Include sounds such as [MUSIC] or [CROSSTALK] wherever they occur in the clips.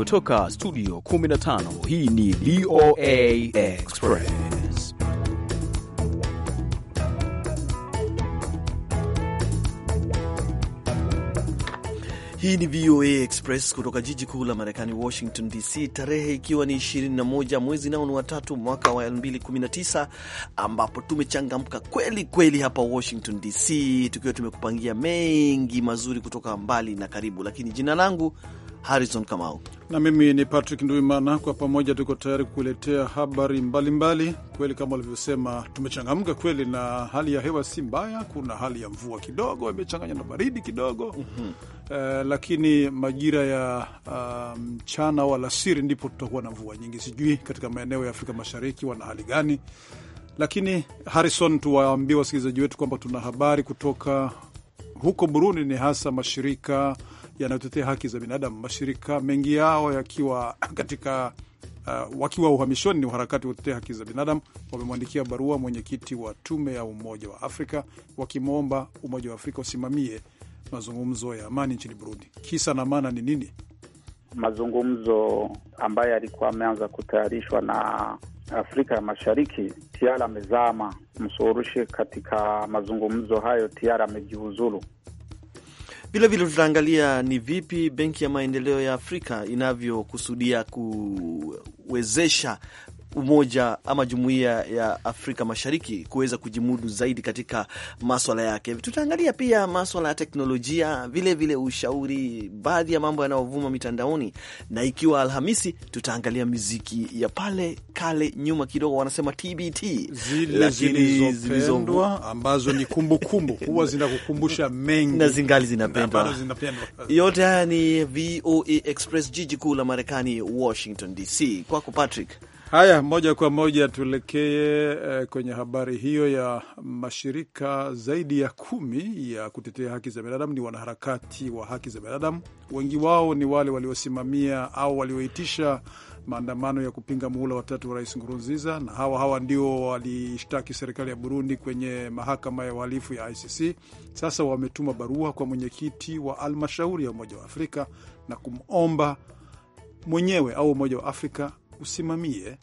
kutoka studio 15 hii ni VOA Express. Hii ni VOA Express kutoka jiji kuu la Marekani, Washington DC, tarehe ikiwa ni 21 mwezi nao ni watatu mwaka wa 2019 ambapo tumechangamka kweli kweli hapa Washington DC, tukiwa tumekupangia mengi mazuri kutoka mbali na karibu, lakini jina langu Harrison Kamau na mimi ni Patrick Nduimana. Kwa pamoja tuko tayari kukuletea habari mbalimbali mbali. Kweli kama walivyosema, tumechangamka kweli, na hali ya hewa si mbaya. Kuna hali ya mvua kidogo imechanganya na baridi kidogo mm -hmm. Uh, lakini majira ya ah, mchana um, walasiri ndipo tutakuwa na mvua nyingi. Sijui katika maeneo ya Afrika Mashariki wana hali gani, lakini Harrison, tuwaambie wasikilizaji wetu kwamba tuna habari kutoka huko Burundi, ni hasa mashirika yanayotetea haki za binadamu, mashirika mengi yao yakiwa [LAUGHS] katika uh, wakiwa uhamishoni ni uharakati wa kutetea haki za binadamu, wamemwandikia barua mwenyekiti wa tume ya Umoja wa Afrika wakimwomba Umoja wa Afrika usimamie mazungumzo ya amani nchini Burundi. Kisa na maana ni nini? Mazungumzo ambayo yalikuwa ameanza kutayarishwa na Afrika ya Mashariki tiara amezama, msurushi katika mazungumzo hayo tiara amejiuzulu. Vilevile tutaangalia ni vipi Benki ya Maendeleo ya Afrika inavyokusudia kuwezesha umoja ama jumuiya ya Afrika Mashariki kuweza kujimudu zaidi katika maswala yake. Tutaangalia pia maswala ya teknolojia vilevile, vile ushauri, baadhi ya mambo yanayovuma mitandaoni, na ikiwa Alhamisi tutaangalia miziki ya pale kale nyuma kidogo, wanasema TBT, zile zilizopendwa ambazo ni kumbukumbu [LAUGHS] huwa zinakukumbusha mengi na zingali zinapendwa. Yote haya ni VOA e Express, jiji kuu la Marekani, Washington DC. Kwako Patrick. Haya, moja kwa moja tuelekee eh, kwenye habari hiyo ya mashirika zaidi ya kumi ya kutetea haki za binadamu. Ni wanaharakati wa haki za binadamu, wengi wao ni wale waliosimamia au walioitisha maandamano ya kupinga muhula watatu wa rais Nkurunziza, na hawa hawa ndio walishtaki serikali ya Burundi kwenye mahakama ya uhalifu ya ICC. Sasa wametuma barua kwa mwenyekiti wa almashauri ya Umoja wa Afrika na kumomba mwenyewe au Umoja wa Afrika usimamie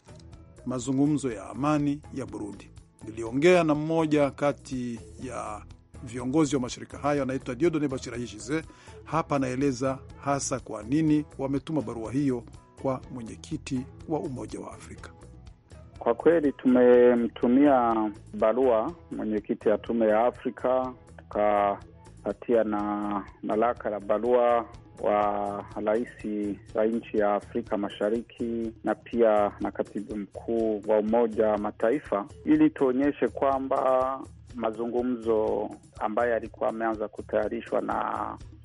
mazungumzo ya amani ya Burundi. Niliongea na mmoja kati ya viongozi wa mashirika hayo, anaitwa Diodone Bashirahishize. Hapa anaeleza hasa kwa nini wametuma barua hiyo kwa mwenyekiti wa Umoja wa Afrika. Kwa kweli tumemtumia barua mwenyekiti ya Tume ya Afrika, tukapatia na malaka la barua wa rais wa nchi ya Afrika Mashariki na pia na katibu mkuu wa Umoja wa Mataifa ili tuonyeshe kwamba mazungumzo ambayo yalikuwa ameanza kutayarishwa na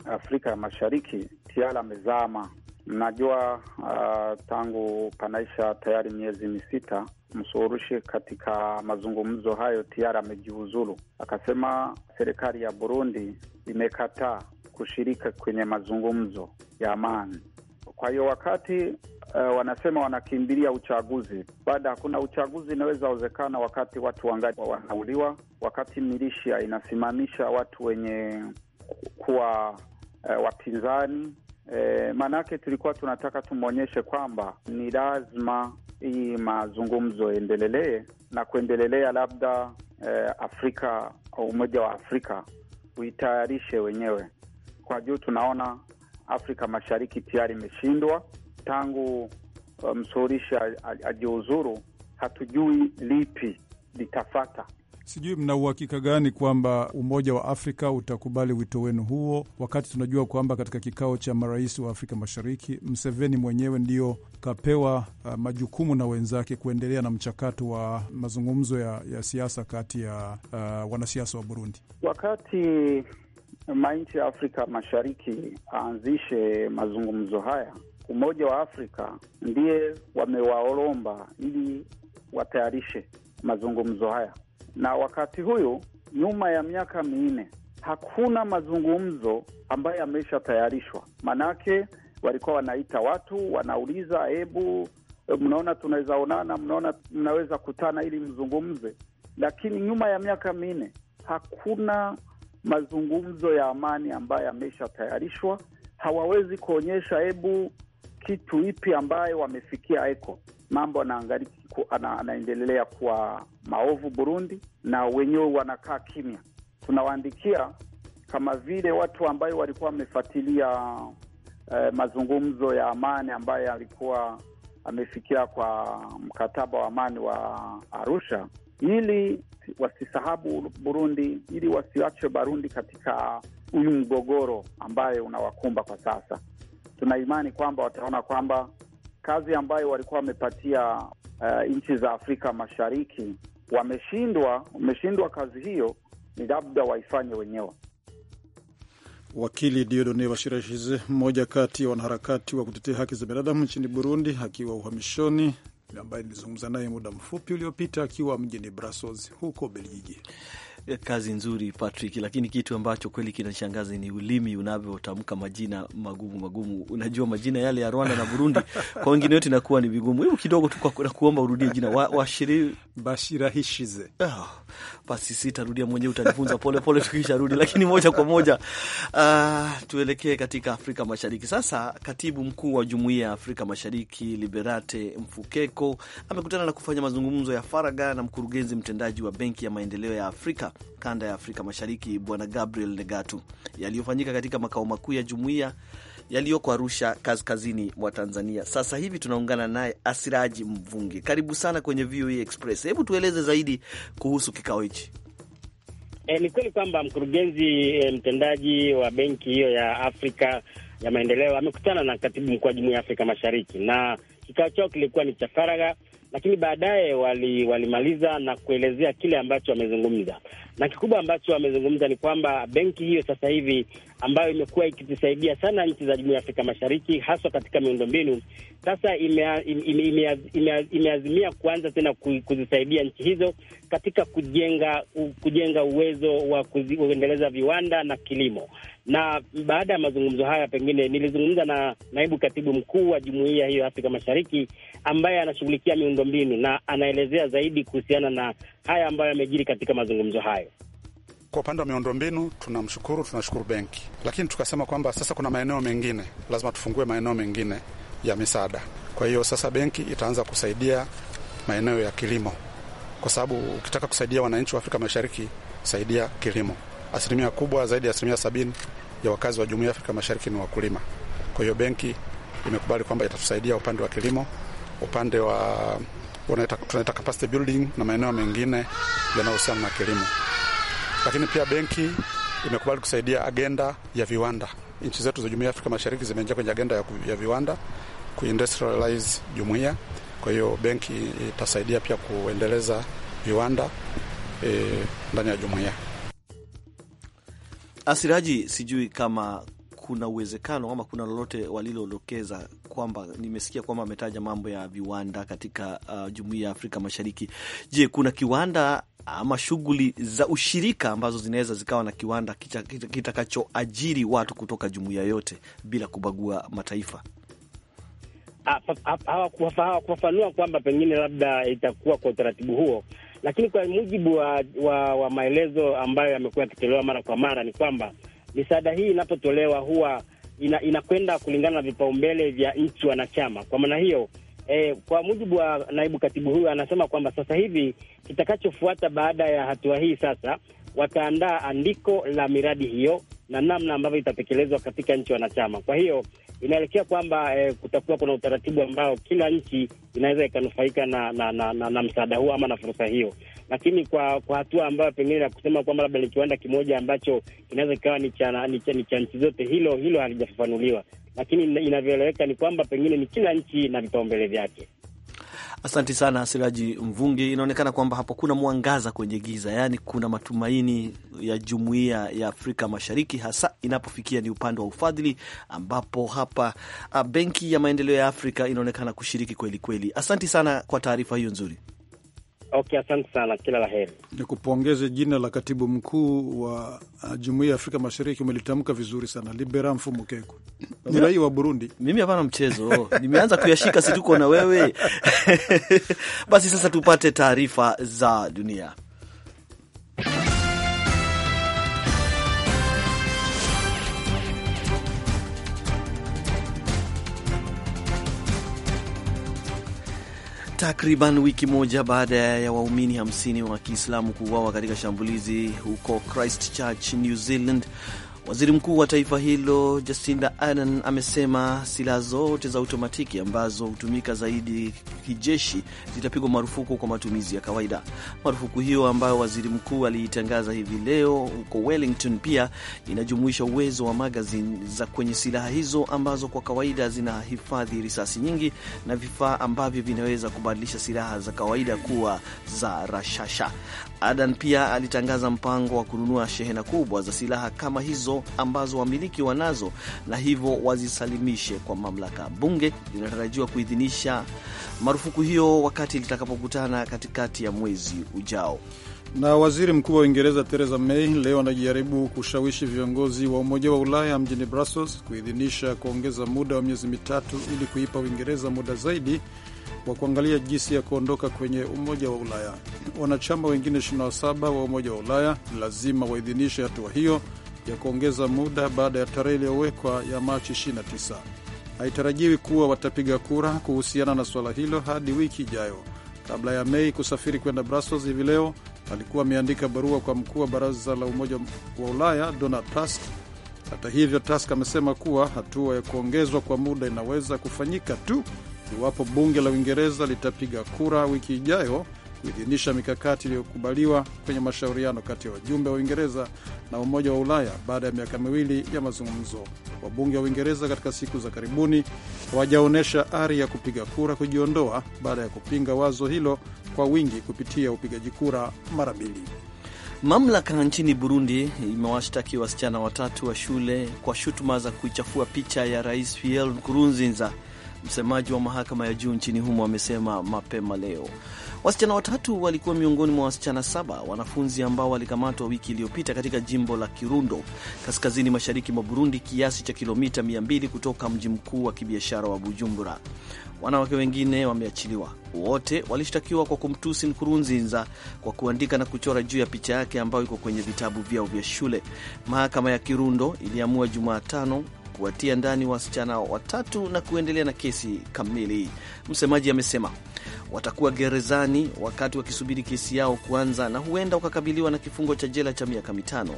Afrika ya Mashariki tiara amezama Najua uh, tangu panaisha tayari miezi misita, msuhurushi katika mazungumzo hayo tayari amejiuzulu. Akasema serikali ya Burundi imekataa kushiriki kwenye mazungumzo ya amani. Kwa hiyo wakati uh, wanasema wanakimbilia uchaguzi, baada hakuna uchaguzi inaweza wezekana, wakati watu wangali wanauliwa, wakati milisha inasimamisha watu wenye kuwa uh, wapinzani E, eh, maanake tulikuwa tunataka tumwonyeshe kwamba ni lazima hii mazungumzo endelelee na kuendelelea, labda e, Afrika, Umoja wa Afrika uitayarishe wenyewe kwa juu. Tunaona Afrika Mashariki tayari imeshindwa tangu eh, msuhurishi um, ajiuzuru. Hatujui lipi litafata. Sijui mna uhakika gani kwamba Umoja wa Afrika utakubali wito wenu huo, wakati tunajua kwamba katika kikao cha marais wa Afrika Mashariki Mseveni mwenyewe ndio kapewa uh, majukumu na wenzake kuendelea na mchakato wa mazungumzo ya, ya siasa kati ya uh, wanasiasa wa Burundi wakati manchi ya Afrika Mashariki aanzishe mazungumzo haya. Umoja wa Afrika ndiye wamewaolomba ili watayarishe mazungumzo haya na wakati huyu nyuma ya miaka minne hakuna mazungumzo ambayo tayarishwa Manake walikuwa wanaita watu wanauliza, hebu mnaona tunaweza onana, mnaona mnaweza kutana ili mzungumze, lakini nyuma ya miaka minne hakuna mazungumzo ya amani ambayo tayarishwa Hawawezi kuonyesha hebu kitu ipi ambayo wamefikia eko mambo anaendelea kuwa maovu Burundi, na wenyewe wanakaa kimya. Tunawaandikia kama vile watu ambayo walikuwa wamefuatilia eh, mazungumzo ya amani ambayo alikuwa amefikia kwa mkataba wa amani wa Arusha, ili wasisahabu Burundi, ili wasiache Barundi katika huyu mgogoro ambayo unawakumba kwa sasa. Tuna imani kwamba wataona kwamba kazi ambayo walikuwa wamepatia uh, nchi za Afrika Mashariki wameshindwa, wameshindwa kazi hiyo, ni labda waifanye wenyewe. Wakili Diodone Bashirashize, mmoja kati ya wanaharakati wa kutetea haki za binadamu nchini Burundi akiwa uhamishoni, ambaye nilizungumza naye muda mfupi uliopita akiwa mjini Brussels huko Belgiji kazi nzuri Patrick, lakini kitu ambacho kweli kinashangaza ni ulimi unavyotamka majina magumu magumu. Unajua majina yale ya Rwanda na Burundi [LAUGHS] kwa wengine wote inakuwa ni vigumu. Hebu kidogo tu kuomba urudie jina washiri wa bashirahishize. Oh, ah, basi sitarudia mwenyewe, utanifunza pole pole tukisharudi. Lakini moja kwa moja uh, tuelekee katika Afrika Mashariki sasa. Katibu mkuu wa Jumuiya ya Afrika Mashariki Liberate Mfukeko amekutana na kufanya mazungumzo ya faraga na mkurugenzi mtendaji wa Benki ya Maendeleo ya Afrika kanda ya Afrika Mashariki Bwana Gabriel Negatu, yaliyofanyika katika makao makuu ya jumuiya yaliyoko Arusha, kaskazini mwa Tanzania. Sasa hivi tunaungana naye Asiraji Mvungi. Karibu sana kwenye VOA e Express. Hebu tueleze zaidi kuhusu kikao hichi. E, ni kweli kwamba mkurugenzi e, mtendaji wa benki hiyo ya Afrika ya maendeleo amekutana na katibu mkuu wa jumuiya ya Afrika Mashariki na kikao chao kilikuwa ni cha faragha lakini baadaye walimaliza wali na kuelezea kile ambacho wamezungumza na kikubwa ambacho amezungumza ni kwamba benki hiyo sasa hivi ambayo imekuwa ikizisaidia sana nchi za jumuiya ya Afrika Mashariki haswa katika miundombinu, sasa imeazimia ime, ime, ime, kuanza tena kuzisaidia nchi hizo katika kujenga kujenga uwezo wa kuendeleza viwanda na kilimo. Na baada ya mazungumzo haya, pengine nilizungumza na naibu katibu mkuu wa jumuiya hiyo ya Afrika Mashariki ambaye anashughulikia miundombinu na anaelezea zaidi kuhusiana na haya ambayo yamejiri katika mazungumzo hayo. Kwa upande wa miundombinu tunamshukuru, tunashukuru benki, lakini tukasema kwamba sasa kuna maeneo mengine lazima tufungue maeneo mengine ya misaada. Kwa hiyo sasa benki itaanza kusaidia maeneo ya kilimo, kwa sababu ukitaka kusaidia wananchi wa Afrika Mashariki, saidia kilimo. Asilimia kubwa zaidi ya asilimia sabini ya wakazi wa Jumuiya ya Afrika Mashariki ni wakulima. Kwa hiyo benki imekubali kwamba itatusaidia upande wa kilimo, upande wa tunaita capacity building na maeneo mengine yanayohusiana na kilimo lakini pia benki imekubali kusaidia agenda ya viwanda. Nchi zetu za jumuiya ya Afrika Mashariki zimeingia kwenye agenda ya, ya viwanda kuindustrialize jumuiya. Kwa hiyo benki itasaidia pia kuendeleza viwanda e, ndani ya jumuiya. Asiraji, sijui kama kuna uwezekano ama kuna lolote walilodokeza kwamba nimesikia kwamba ametaja mambo ya viwanda katika uh, jumuiya ya Afrika Mashariki. Je, kuna kiwanda ama shughuli za ushirika ambazo zinaweza zikawa na kiwanda kitakachoajiri watu kutoka jumuiya yote bila kubagua mataifa? Ah, Hawakufafanua kwamba pengine labda itakuwa kwa utaratibu huo, lakini kwa mujibu wa, wa, wa maelezo ambayo yamekuwa yakitolewa mara kwa mara ni kwamba misaada hii inapotolewa huwa ina, inakwenda kulingana na vipaumbele vya nchi wanachama. Kwa maana hiyo E, kwa mujibu wa naibu katibu huyu anasema kwamba sasa hivi kitakachofuata baada ya hatua hii sasa, wataandaa andiko la miradi hiyo na namna ambavyo itatekelezwa katika nchi wanachama. Kwa hiyo inaelekea kwamba e, kutakuwa kuna utaratibu ambao kila nchi inaweza ikanufaika na, na, na, na, na msaada huo ama na fursa hiyo, lakini kwa kwa hatua ambayo pengine ya kusema kwamba labda ni kiwanda kimoja ambacho kinaweza kikawa ni cha nchi zote, hilo hilo halijafafanuliwa lakini inavyoeleweka ni kwamba pengine ni kila nchi na vipaumbele vyake. asanti sana Siraji Mvungi. Inaonekana kwamba hapo kuna mwangaza kwenye giza, yaani kuna matumaini ya jumuiya ya Afrika Mashariki, hasa inapofikia ni upande wa ufadhili, ambapo hapa ah, Benki ya Maendeleo ya Afrika inaonekana kushiriki kweli kweli. sana kwa taarifa hiyo nzuri. Okay, asante sana, kila la heri. Ni kupongeze jina la katibu mkuu wa uh, jumuiya ya Afrika Mashariki, umelitamka vizuri sana, Libera Mfumukeko ni raia wa Burundi. Mimi hapana mchezo, nimeanza kuyashika situko na wewe [LAUGHS] basi sasa tupate taarifa za dunia. Takriban wiki moja baada ya waumini 50 wa Kiislamu kuuawa katika shambulizi huko Christchurch, New Zealand, Waziri mkuu wa taifa hilo Jacinda Ardern amesema silaha zote za automatiki ambazo hutumika zaidi kijeshi zitapigwa marufuku kwa matumizi ya kawaida. Marufuku hiyo ambayo waziri mkuu aliitangaza hivi leo huko Wellington pia inajumuisha uwezo wa magazin za kwenye silaha hizo ambazo kwa kawaida zinahifadhi risasi nyingi na vifaa ambavyo vinaweza kubadilisha silaha za kawaida kuwa za rashasha. Adan pia alitangaza mpango wa kununua shehena kubwa za silaha kama hizo ambazo wamiliki wanazo na hivyo wazisalimishe kwa mamlaka. Bunge linatarajiwa kuidhinisha marufuku hiyo wakati litakapokutana katikati ya mwezi ujao. Na waziri mkuu wa Uingereza Theresa May leo anajaribu kushawishi viongozi wa Umoja wa Ulaya mjini Brussels kuidhinisha kuongeza muda wa miezi mitatu ili kuipa Uingereza muda zaidi wa kuangalia jinsi ya kuondoka kwenye Umoja wa Ulaya. Wanachama wengine 27 wa Umoja wa Ulaya ni lazima waidhinishe hatua hiyo ya kuongeza muda baada ya tarehe iliyowekwa ya Machi 29. Haitarajiwi kuwa watapiga kura kuhusiana na suala hilo hadi wiki ijayo. Kabla ya Mei kusafiri kwenda Brussels hivi leo, alikuwa ameandika barua kwa mkuu wa baraza la Umoja wa Ulaya Donald Tusk. Hata hivyo, Tusk amesema kuwa hatua ya kuongezwa kwa muda inaweza kufanyika tu iwapo bunge la Uingereza litapiga kura wiki ijayo kuidhinisha mikakati iliyokubaliwa kwenye mashauriano kati ya wajumbe wa Uingereza na Umoja wa Ulaya baada ya miaka miwili ya mazungumzo. Wabunge wa Uingereza katika siku za karibuni hawajaonyesha ari ya kupiga kura kujiondoa baada ya kupinga wazo hilo kwa wingi kupitia upigaji kura mara mbili. Mamlaka nchini Burundi imewashtaki wasichana watatu wa shule kwa shutuma za kuichafua picha ya Rais Pierre Nkurunziza Msemaji wa mahakama ya juu nchini humo amesema mapema leo wasichana watatu walikuwa miongoni mwa wasichana saba wanafunzi ambao walikamatwa wiki iliyopita katika jimbo la Kirundo, kaskazini mashariki mwa Burundi, kiasi cha kilomita 200 kutoka mji mkuu wa kibiashara wa Bujumbura. Wanawake wengine wameachiliwa. Wote walishtakiwa kwa kumtusi Nkurunziza kwa kuandika na kuchora juu ya picha yake ambayo iko kwenye vitabu vyao vya shule. Mahakama ya Kirundo iliamua Jumatano kuwatia ndani wasichana watatu na kuendelea na kesi kamili. Msemaji amesema watakuwa gerezani wakati wakisubiri kesi yao kuanza na huenda wakakabiliwa na kifungo cha jela cha miaka mitano.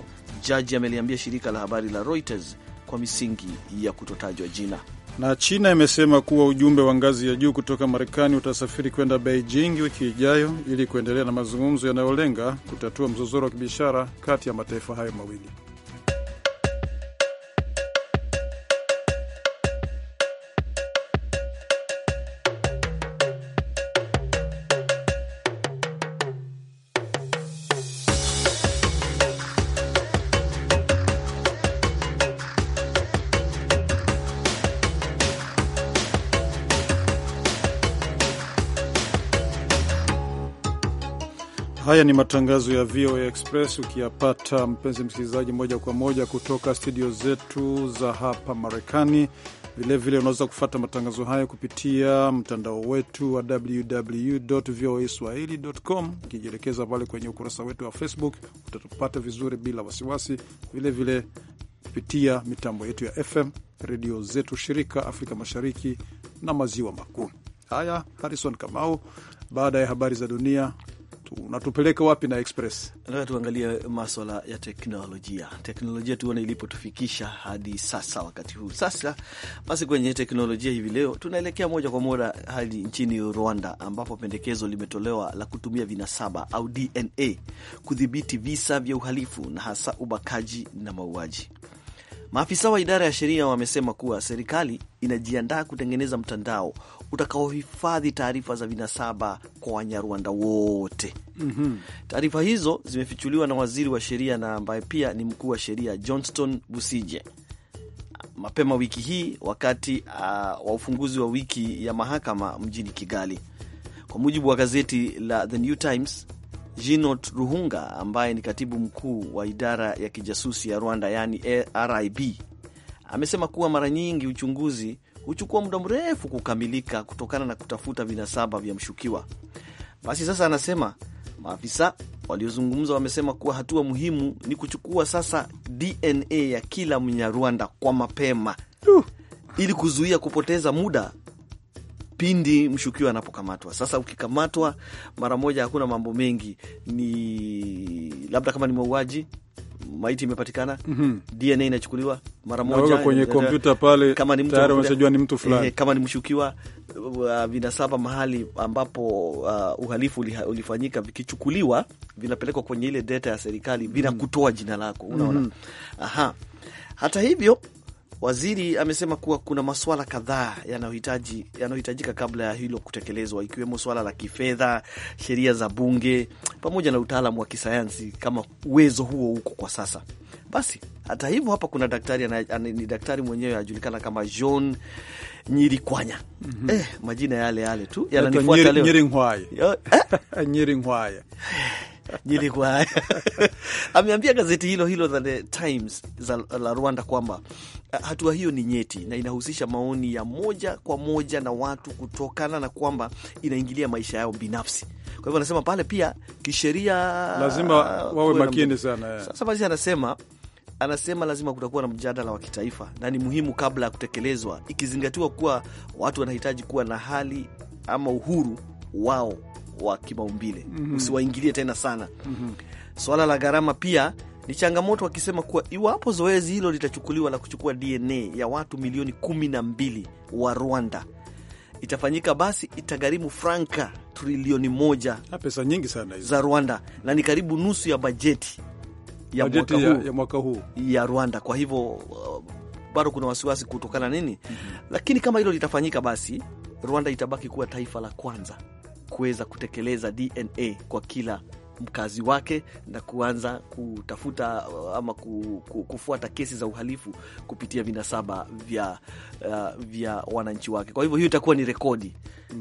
Jaji ameliambia shirika la habari la Reuters kwa misingi ya kutotajwa jina. Na China imesema kuwa ujumbe wa ngazi ya juu kutoka Marekani utasafiri kwenda Beijing wiki ijayo ili kuendelea na mazungumzo yanayolenga kutatua mzozoro wa kibiashara kati ya mataifa hayo mawili. Haya ni matangazo ya VOA Express ukiyapata, mpenzi msikilizaji, moja kwa moja kutoka studio zetu za hapa Marekani. Vilevile unaweza kufata matangazo haya kupitia mtandao wetu wa www voa swahili.com. Ukijielekeza pale kwenye ukurasa wetu wa Facebook utatupata vizuri bila wasiwasi. Vilevile vile kupitia mitambo yetu ya FM, redio zetu shirika Afrika Mashariki na Maziwa Makuu. Haya, Harrison Kamau, baada ya habari za dunia unatupeleka wapi na Express? Nataka tuangalie maswala ya teknolojia, teknolojia tuone ilipotufikisha hadi sasa, wakati huu sasa. Basi kwenye teknolojia hivi leo tunaelekea moja kwa moja hadi nchini Rwanda, ambapo pendekezo limetolewa la kutumia vinasaba au DNA kudhibiti visa vya uhalifu na hasa ubakaji na mauaji. Maafisa wa idara ya sheria wamesema kuwa serikali inajiandaa kutengeneza mtandao utakaohifadhi taarifa za vinasaba kwa Wanyarwanda wote. mm -hmm. Taarifa hizo zimefichuliwa na waziri wa sheria na ambaye pia ni mkuu wa sheria Johnston Busije mapema wiki hii wakati uh, wa ufunguzi wa wiki ya mahakama mjini Kigali. Kwa mujibu wa gazeti la The New Times, Jinot Ruhunga ambaye ni katibu mkuu wa idara ya kijasusi ya Rwanda, yani RIB, amesema kuwa mara nyingi uchunguzi huchukua muda mrefu kukamilika kutokana na kutafuta vinasaba vya mshukiwa. Basi sasa, anasema maafisa waliozungumza wamesema kuwa hatua muhimu ni kuchukua sasa DNA ya kila Mnyarwanda kwa mapema uh, ili kuzuia kupoteza muda pindi mshukiwa anapokamatwa. Sasa ukikamatwa mara moja, hakuna mambo mengi, ni labda kama ni mauaji maiti imepatikana, mm -hmm. DNA inachukuliwa mara moja kwenye eh, kompyuta pale, kama ni mtu ni mtu fulani, eh, kama ni mshukiwa uh, vinasaba mahali ambapo uh, uhalifu ulifanyika, vikichukuliwa vinapelekwa kwenye ile data ya serikali vinakutoa kutoa jina lako, unaona mm -hmm. aha hata hivyo Waziri amesema kuwa kuna masuala kadhaa yanayohitajika kabla ya hilo kutekelezwa, ikiwemo suala la kifedha, sheria za bunge, pamoja na utaalamu wa kisayansi kama uwezo huo huko kwa sasa. Basi hata hivyo, hapa kuna daktari ni daktari mwenyewe anajulikana kama John Nyiri Kwanya. mm -hmm. Eh, majina yale yale tu yananifuata leo eh? [LAUGHS] [LAUGHS] [LAUGHS] ameambia gazeti hilo hilo la Times la Rwanda kwamba Eh, hatua hiyo ni nyeti na inahusisha maoni ya moja kwa moja na watu kutokana na kwamba inaingilia maisha yao binafsi. Kwa hivyo anasema pale pia kisheria lazima eh, wawe makini sana. Eh. Sasa basi anasema anasema lazima kutakuwa na mjadala wa kitaifa na ni muhimu kabla ya kutekelezwa, ikizingatiwa kuwa watu wanahitaji kuwa na hali ama uhuru wao wa kimaumbile. mm -hmm. Usiwaingilie tena sana. mm -hmm. Swala la gharama pia ni changamoto, wakisema kuwa iwapo zoezi hilo litachukuliwa la kuchukua DNA ya watu milioni 12 wa Rwanda itafanyika basi itagharimu franka trilioni moja pesa nyingi sana hizo za Rwanda, na ni karibu nusu ya bajeti ya, mwaka, ya, huu, ya mwaka huu ya Rwanda. Kwa hivyo uh, bado kuna wasiwasi kutokana nini, mm -hmm. Lakini kama hilo litafanyika, basi Rwanda itabaki kuwa taifa la kwanza kuweza kutekeleza DNA kwa kila mkazi wake na kuanza kutafuta uh, ama kufuata kesi za uhalifu kupitia vinasaba vya, uh, vya wananchi wake. Kwa hivyo hiyo itakuwa ni rekodi,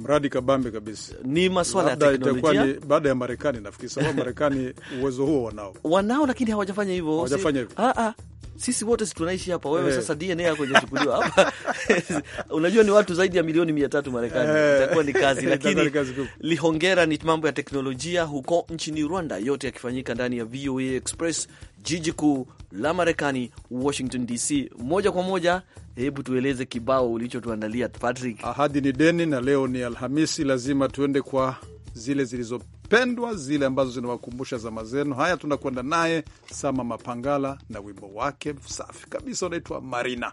mradi kabambe kabisa, ni maswala ya teknolojia baada ya Marekani. Nafikiri sababu Marekani [LAUGHS] uwezo huo wanao wanao, lakini hawajafanya hivyo, hawajafanya hivyo ah, ah sisi wote tunaishi hapa wewe yeah. Sasa DNA yako inachukuliwa hapa [LAUGHS] unajua, ni watu zaidi ya milioni mia tatu Marekani yeah. Itakuwa ni kazi [LAUGHS] lakini lihongera ni mambo ya teknolojia huko nchini Rwanda, yote yakifanyika ndani ya VOA Express, jiji kuu la Marekani, Washington DC. Moja kwa moja, hebu tueleze kibao ulichotuandalia Patrick. Ahadi ni deni, na leo ni Alhamisi, lazima tuende kwa zile zilizo pendwa, zile ambazo zinawakumbusha zama zenu. Haya, tunakwenda naye Sama Mapangala na wimbo wake safi kabisa unaitwa Marina.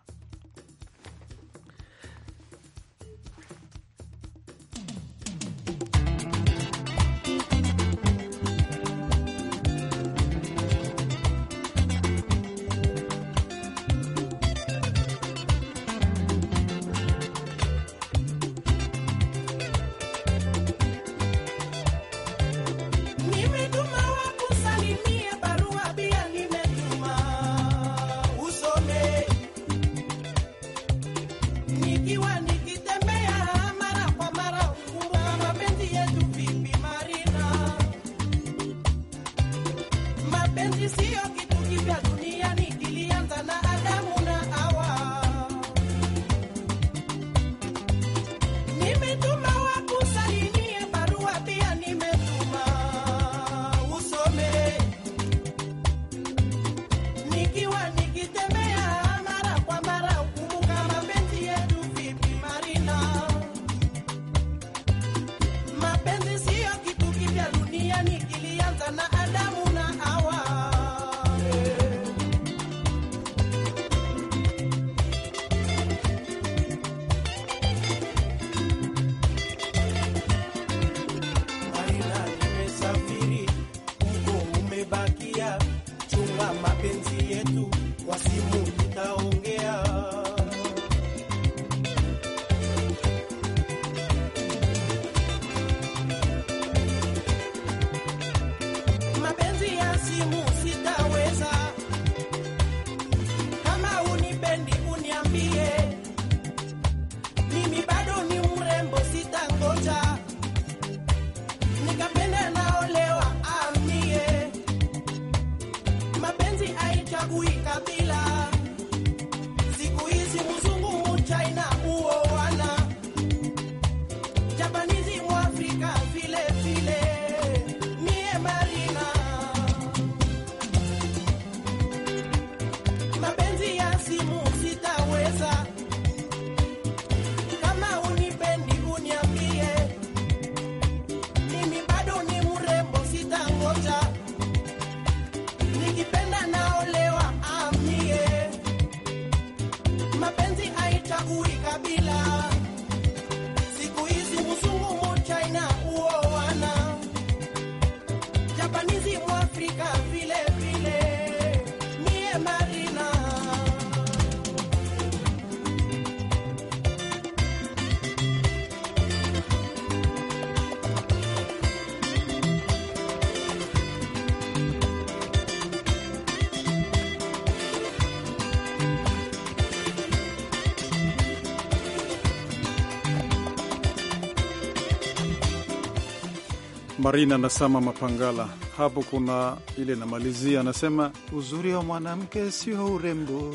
Marina anasema Mapangala hapo kuna ile namalizia, anasema uzuri wa mwanamke sio urembo,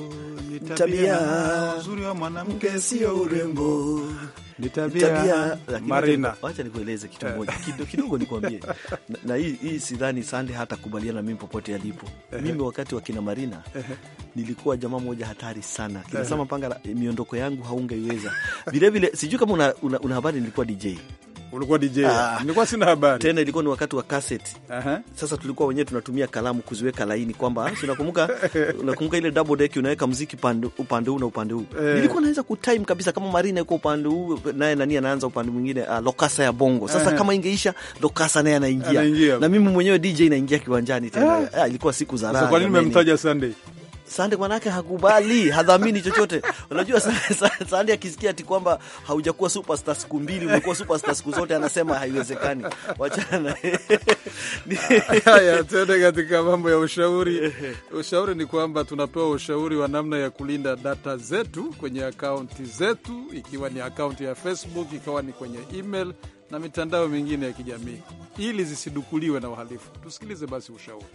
ni tabia. Uzuri wa mwanamke sio urembo, ni tabia. Marina, wacha nikueleze kitu eh. moja kidogo, nikwambie [LAUGHS] na, hii, hii sidhani Sande hata kubaliana mimi popote alipo. Eh. Mimi wakati wa kina Marina eh. nilikuwa jamaa moja hatari sana kinasama Pangala, miondoko yangu haungeiweza vilevile. Sijui kama una, una, una habari, nilikuwa DJ ulikuwa DJ? Ah, nilikuwa sina habari tena, ilikuwa ni wakati wa cassette. uh -huh. Sasa tulikuwa wenyewe tunatumia kalamu kuziweka laini, kwamba ah, unakumbuka, [LAUGHS] unakumbuka ile double deck, unaweka muziki upande huu na upande huu eh. Nilikuwa naweza kutime kabisa kama Marina yuko upande huu naye nani anaanza upande mwingine, uh, lokasa ya bongo sasa uh -huh. Kama ingeisha lokasa naye anaingia na mimi mwenyewe DJ naingia kiwanjani tena. Uh ah. -huh. Ah, ilikuwa siku za raha. Kwa nini nimemtaja Sunday? Sande manake hakubali, hadhamini chochote. Unajua Sande akisikia ati kwamba haujakuwa superstar siku mbili, umekuwa superstar siku zote, anasema haiwezekani. Wachana. Haya, tuende katika mambo ya ushauri. Ushauri ni kwamba tunapewa ushauri wa namna ya kulinda data zetu kwenye akaunti zetu, ikiwa ni akaunti ya Facebook, ikiwa ni kwenye email na mitandao mingine ya kijamii, ili zisidukuliwe na wahalifu. Tusikilize basi ushauri.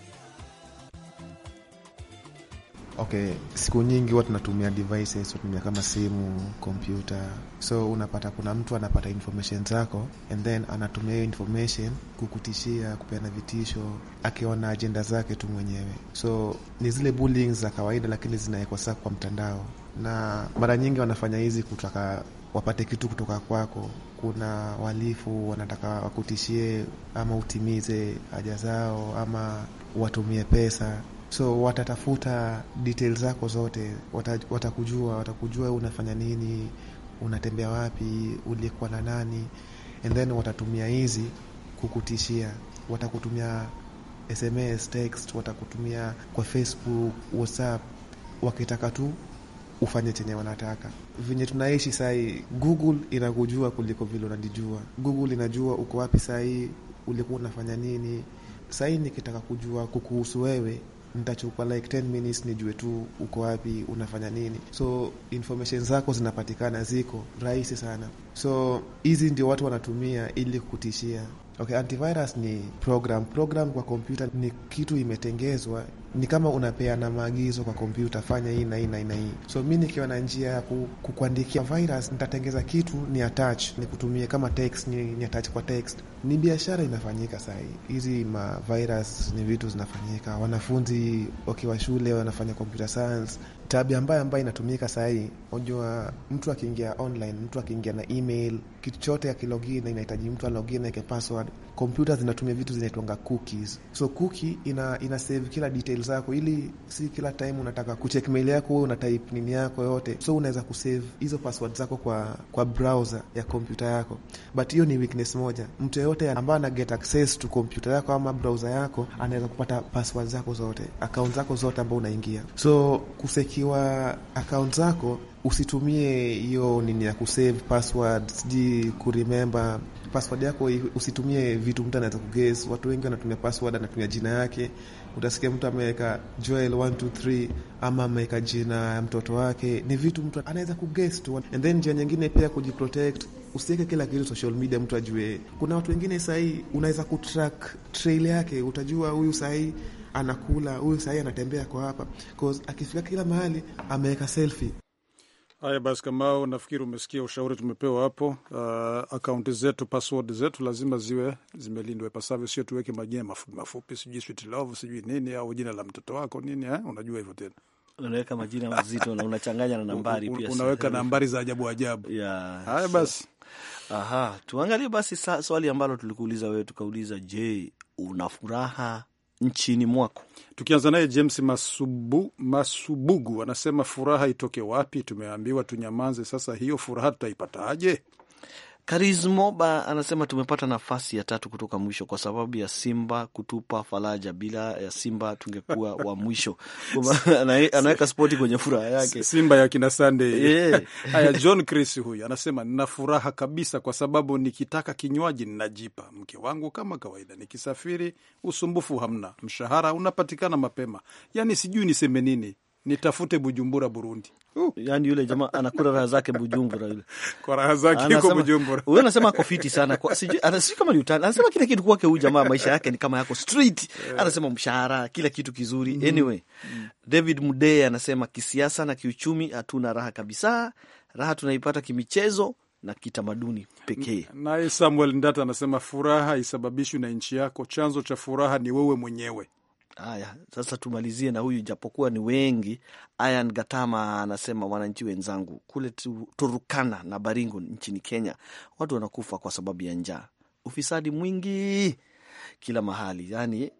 Okay, siku nyingi huwa tunatumia devices, tunatumia kama simu, kompyuta, so unapata kuna mtu anapata information zako and then anatumia hiyo information kukutishia, kupeana vitisho, akiona ajenda zake tu mwenyewe. So ni zile bullying za kawaida, lakini zinawekwa sasa kwa mtandao, na mara nyingi wanafanya hizi kutaka wapate kitu kutoka kwako. Kuna walifu wanataka wakutishie, ama utimize haja zao, ama watumie pesa so watatafuta details zako zote, watakujua, watakujua unafanya nini, unatembea wapi, ulikuwa na nani, and then watatumia hizi kukutishia, watakutumia SMS, text, watakutumia kwa Facebook, WhatsApp, wakitaka tu ufanye chenye wanataka. Venye tunaishi sahii, Google inakujua kuliko vile unajijua. Google inajua uko wapi sahii, ulikuwa unafanya nini sahii. Nikitaka kujua kukuhusu wewe nitachukua like 10 minutes nijue tu uko wapi, unafanya nini. So information zako zinapatikana, ziko rahisi sana. So hizi ndio watu wanatumia ili kutishia Okay, antivirus ni program. Program kwa kompyuta ni kitu imetengezwa ni kama unapeana maagizo kwa kompyuta, fanya hii na hii na hii na hii. So mi nikiwa na njia ya kukuandikia virus, nitatengeza kitu ni attach, nikutumie kama text, ni, ni attach kwa text. Ni biashara inafanyika sahii, hizi ma virus ni vitu zinafanyika. Wanafunzi wakiwa shule wanafanya computer science tabia ambayo ambayo inatumika sahii. Unajua, mtu akiingia online, mtu akiingia na email, kitu chote akilogin inahitaji mtu alogin aweke password kompyuta zinatumia vitu zinaitwanga cookies. So cookie ina, ina save kila details zako, ili si kila time unataka kucheck mail yako wewe una type nini yako yote, so unaweza kusave hizo password zako kwa kwa browser ya kompyuta yako. But hiyo ni weakness moja. Mtu yeyote ambaye ana get access to kompyuta yako ama browser yako anaweza kupata password zako zote, account zako zote ambao unaingia. So kusekiwa account zako usitumie hiyo nini ya kusave password, sijui kuremember password yako usitumie vitu mtu anaweza kuguess. Watu wengi wanatumia password, anatumia jina yake. Utasikia mtu ameweka Joel 123 ama ameweka jina ya mtoto wake, ni vitu mtu anaweza kuguess tu. And then njia nyingine pia kujiprotect, usiweke kila kitu social media mtu ajue. Kuna watu wengine sahii unaweza kutrack trail yake, utajua huyu sahii anakula, huyu sahii anatembea kwa hapa, cause akifika kila mahali ameweka selfie Haya basi, Kamau, nafikiri umesikia ushauri tumepewa hapo. Uh, akaunti zetu, password zetu lazima ziwe zimelindwa ipasavyo, sio tuweke majina mafupi mafupi, sijui sweet love, sijui nini, au jina la mtoto wako nini, eh? Unajua hivyo tena unaweka majina mazito na unachanganya na [LAUGHS] nambari pia, unaweka nambari za ajabu ajabu. Yeah, haya basi aha, tuangalie basi swali ambalo tulikuuliza wewe, tukauliza, je, una furaha nchini mwako. Tukianza naye James Masubu, Masubugu anasema furaha itoke wapi? Tumeambiwa tunyamaze sasa hiyo furaha tutaipataje? Karizmoba anasema tumepata nafasi ya tatu kutoka mwisho kwa sababu ya Simba kutupa faraja. Bila ya Simba tungekuwa [LAUGHS] wa mwisho. Anaweka spoti kwenye furaha yake, Simba ya kina sande yeah. [LAUGHS] Haya, John Chris huyu anasema nina furaha kabisa kwa sababu nikitaka kinywaji ninajipa mke wangu kama kawaida, nikisafiri usumbufu hamna, mshahara unapatikana mapema, yani sijui niseme nini nitafute Bujumbura, Burundi. Uh, yani yule jamaa anakula raha zake Bujumbura, yule [LAUGHS] kwa raha zake yuko Bujumbura. Huyo anasema ako fiti sana kwa sijui, anasema kama ni utani, anasema kila kitu kwake. Huyu jamaa maisha yake ni kama yako street, anasema mshahara, kila kitu kizuri. Mm. Anyway, mm. David Mudee anasema kisiasa na kiuchumi hatuna raha kabisa, raha tunaipata kimichezo na kitamaduni pekee. Naye Samuel Ndata anasema furaha isababishwi na nchi yako, chanzo cha furaha ni wewe mwenyewe. Haya, sasa tumalizie na huyu, japokuwa ni wengi. Ayan Gatama anasema wananchi wenzangu kule Turukana na Baringo nchini Kenya, watu wanakufa kwa sababu ya njaa, ufisadi mwingi kila mahali. Yani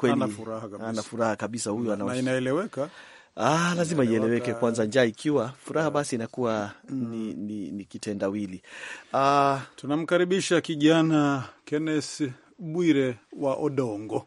kweli ana furaha kabisa, furaha kabisa huyu ana na inaeleweka. Ah, lazima ieleweke kwanza, njaa ikiwa furaha basi inakuwa mm. ni, ni, ni kitendawili. Ah, tunamkaribisha kijana Kenneth Bwire wa Odongo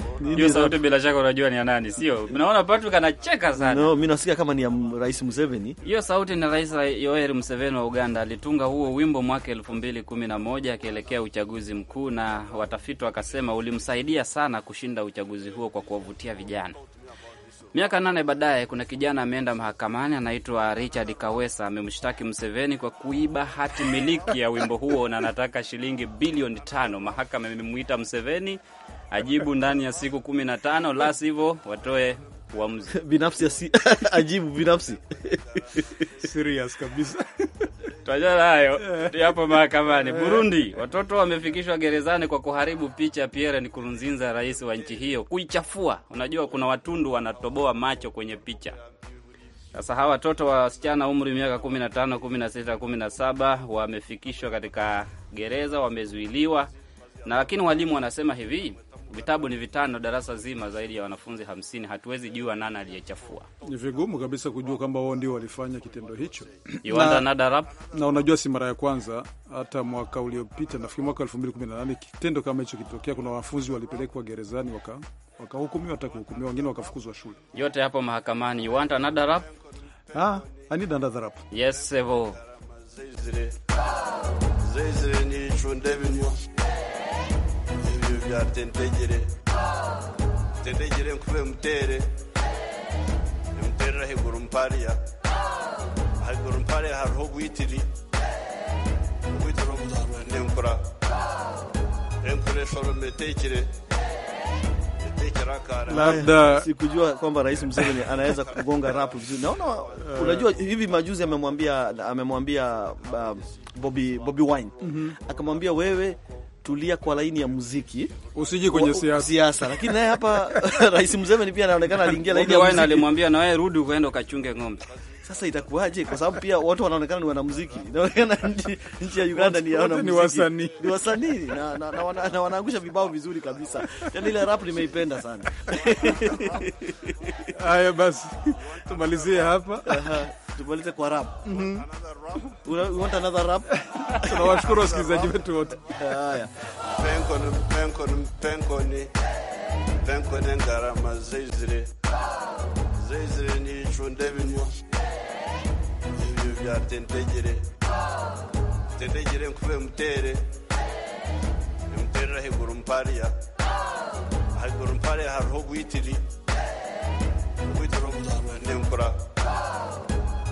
hiyo sauti bila shaka unajua ni ya nani, sio? Naona Patrick anacheka sana. No, mimi nasikia kama ni ya Rais Museveni. Hiyo sauti ni Rais Yoweri Museveni wa Uganda. Alitunga huo wimbo mwaka 2011 akielekea uchaguzi mkuu, na watafiti wakasema ulimsaidia sana kushinda uchaguzi huo kwa kuwavutia vijana. Miaka nane baadaye kuna kijana ameenda mahakamani anaitwa Richard Kawesa. Amemshtaki Mseveni kwa kuiba hati miliki ya wimbo huo na anataka shilingi bilioni tano. Mahakama imemwita Mseveni ajibu ndani ya siku kumi na tano, la sivyo watoe uamuzi binafsi. [LAUGHS] Ajibu binafsi serious kabisa Twajana hayo [LAUGHS] eh. hapo mahakamani. Eh. Burundi, watoto wamefikishwa gerezani kwa kuharibu picha Pierre Nkurunziza, rais wa nchi hiyo, kuichafua. Unajua kuna watundu wanatoboa macho kwenye picha. Sasa hawa watoto wasichana umri miaka 15, 16, 17 wamefikishwa katika gereza, wamezuiliwa na, lakini walimu wanasema hivi vitabu ni vitano, darasa zima zaidi ya wanafunzi hamsini. Hatuwezi jua nani aliyechafua, ni vigumu kabisa kujua kwamba wao ndio walifanya kitendo hicho na, na, na unajua si mara ya kwanza. Hata mwaka uliopita nafikiri mwaka elfu mbili kumi na nane kitendo kama hicho kilitokea. Kuna wanafunzi walipelekwa gerezani waka wakahukumiwa hata kuhukumiwa, wengine wakafukuzwa shule. Yote hapo mahakamani. Uwanda want Ah, Yes, sevo ya tendegere mpariya mpariya hariho gwitiri gwitiri n'enkura labda eh, sikujua kwamba Rais Museveni anaweza kugonga rap vizuri. Naona eh. unajua hivi majuzi amemwambia amemwambia uh, um, Bobby Bobby Wine mm -hmm. akamwambia wewe tulia kwa laini ya muziki, usiji kwenye siasa. Lakini naye hapa [LAUGHS] Rais Museveni pia anaonekana aliingia laini ya muziki, alimwambia na wewe rudi ukaenda ukachunge ng'ombe. Sasa itakuwaje? Kwa sababu pia watu wanaonekana ni wanamuziki, inaonekana nchi ya Uganda ni ni wasanii ni wasanii na, na, na, na, na wanaangusha vibao vizuri kabisa. Yani ile rap nimeipenda sana. Haya basi tumalizie hapa tumalize kwa rap. Mm -hmm. You want another rap? [LAUGHS] Tunawashukuru wasikilizaji wetu wote. Haya. Penkoni, penkoni, penkoni. Penkoni ngarama zizire. Zizire ni chunde binyo. Ibyo byatendegere. Tendegere nkube mutere. Mutere heguru mparia. Heguru mparia haruho gwitiri. Gwitiri nguzarwa nemkura.